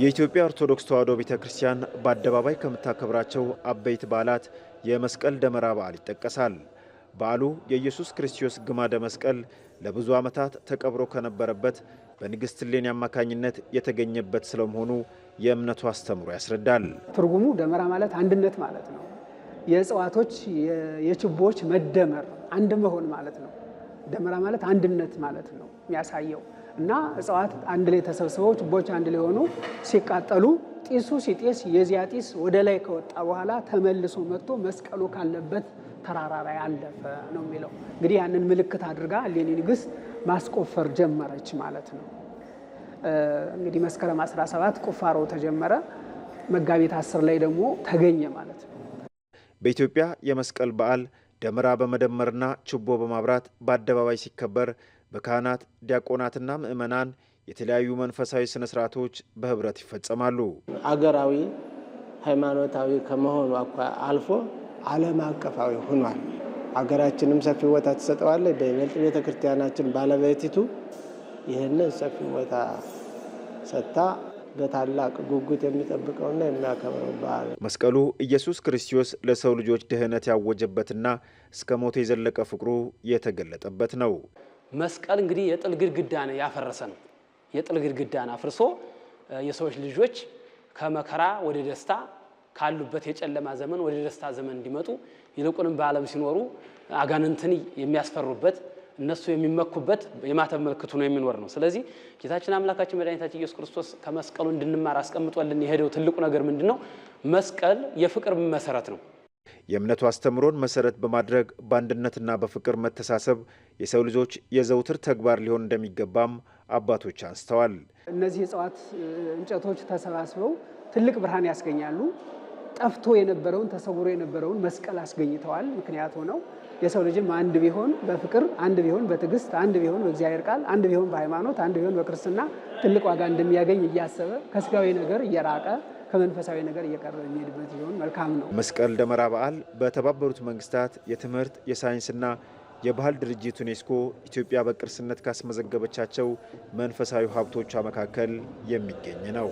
የኢትዮጵያ ኦርቶዶክስ ተዋሕዶ ቤተ ክርስቲያን በአደባባይ ከምታከብራቸው አበይት በዓላት የመስቀል ደመራ በዓል ይጠቀሳል። በዓሉ የኢየሱስ ክርስቶስ ግማደ መስቀል ለብዙ ዓመታት ተቀብሮ ከነበረበት በንግሥት ሌኒ አማካኝነት የተገኘበት ስለመሆኑ የእምነቱ አስተምሮ ያስረዳል። ትርጉሙ ደመራ ማለት አንድነት ማለት ነው። የእጽዋቶች የችቦዎች መደመር አንድ መሆን ማለት ነው። ደመራ ማለት አንድነት ማለት ነው የሚያሳየው እና እጽዋት አንድ ላይ ተሰብስበው ችቦች አንድ ላይ ሆኑ ሲቃጠሉ ጢሱ ሲጤስ የዚያ ጢስ ወደ ላይ ከወጣ በኋላ ተመልሶ መጥቶ መስቀሉ ካለበት ተራራ ላይ አለፈ ነው የሚለው። እንግዲህ ያንን ምልክት አድርጋ እሌኒ ንግሥት ማስቆፈር ጀመረች ማለት ነው። እንግዲህ መስከረም 17 ቁፋሮ ተጀመረ፣ መጋቢት 10 ላይ ደግሞ ተገኘ ማለት ነው። በኢትዮጵያ የመስቀል በዓል ደመራ በመደመርና ችቦ በማብራት በአደባባይ ሲከበር በካህናት ዲያቆናትና ምእመናን የተለያዩ መንፈሳዊ ስነ ስርዓቶች በህብረት ይፈጸማሉ። አገራዊ ሃይማኖታዊ ከመሆኑ አኳ አልፎ ዓለም አቀፋዊ ሆኗል። አገራችንም ሰፊ ቦታ ትሰጠዋለች። በይበልጥ ቤተ ክርስቲያናችን ባለቤቲቱ ይህንን ሰፊ ቦታ ሰጥታ በታላቅ ጉጉት የሚጠብቀውና የሚያከብረው በዓል መስቀሉ ኢየሱስ ክርስቶስ ለሰው ልጆች ድህነት ያወጀበትና እስከ ሞት የዘለቀ ፍቅሩ የተገለጠበት ነው። መስቀል እንግዲህ የጥል ነው ያፈረሰ ነው። የጥል ግድግዳን አፍርሶ የሰዎች ልጆች ከመከራ ወደ ደስታ ካሉበት የጨለማ ዘመን ወደ ደስታ ዘመን እንዲመጡ ይልቁንም በዓለም ሲኖሩ አጋንንትን የሚያስፈሩበት እነሱ የሚመኩበት የማተብ ምልክቱ ነው የሚኖር ነው። ስለዚህ ጌታችን አምላካችን መድኃኒታችን ኢየሱስ ክርስቶስ ከመስቀሉ እንድንማር አስቀምጦልን የሄደው ትልቁ ነገር ምንድን ነው? መስቀል የፍቅር መሰረት ነው። የእምነቱ አስተምሮን መሰረት በማድረግ በአንድነትና በፍቅር መተሳሰብ የሰው ልጆች የዘውትር ተግባር ሊሆን እንደሚገባም አባቶች አንስተዋል። እነዚህ እጽዋት እንጨቶች ተሰባስበው ትልቅ ብርሃን ያስገኛሉ። ጠፍቶ የነበረውን ተሰውሮ የነበረውን መስቀል አስገኝተዋል። ምክንያቱ ነው። የሰው ልጅም አንድ ቢሆን በፍቅር አንድ ቢሆን በትዕግስት አንድ ቢሆን በእግዚአብሔር ቃል አንድ ቢሆን በሃይማኖት አንድ ቢሆን በክርስትና ትልቅ ዋጋ እንደሚያገኝ እያሰበ ከስጋዊ ነገር እየራቀ ከመንፈሳዊ ነገር እየቀረበ የሚሄድበት ቢሆን መልካም ነው። መስቀል ደመራ በዓል በተባበሩት መንግስታት የትምህርት የሳይንስና የባህል ድርጅት ዩኔስኮ ኢትዮጵያ በቅርስነት ካስመዘገበቻቸው መንፈሳዊ ሀብቶቿ መካከል የሚገኝ ነው።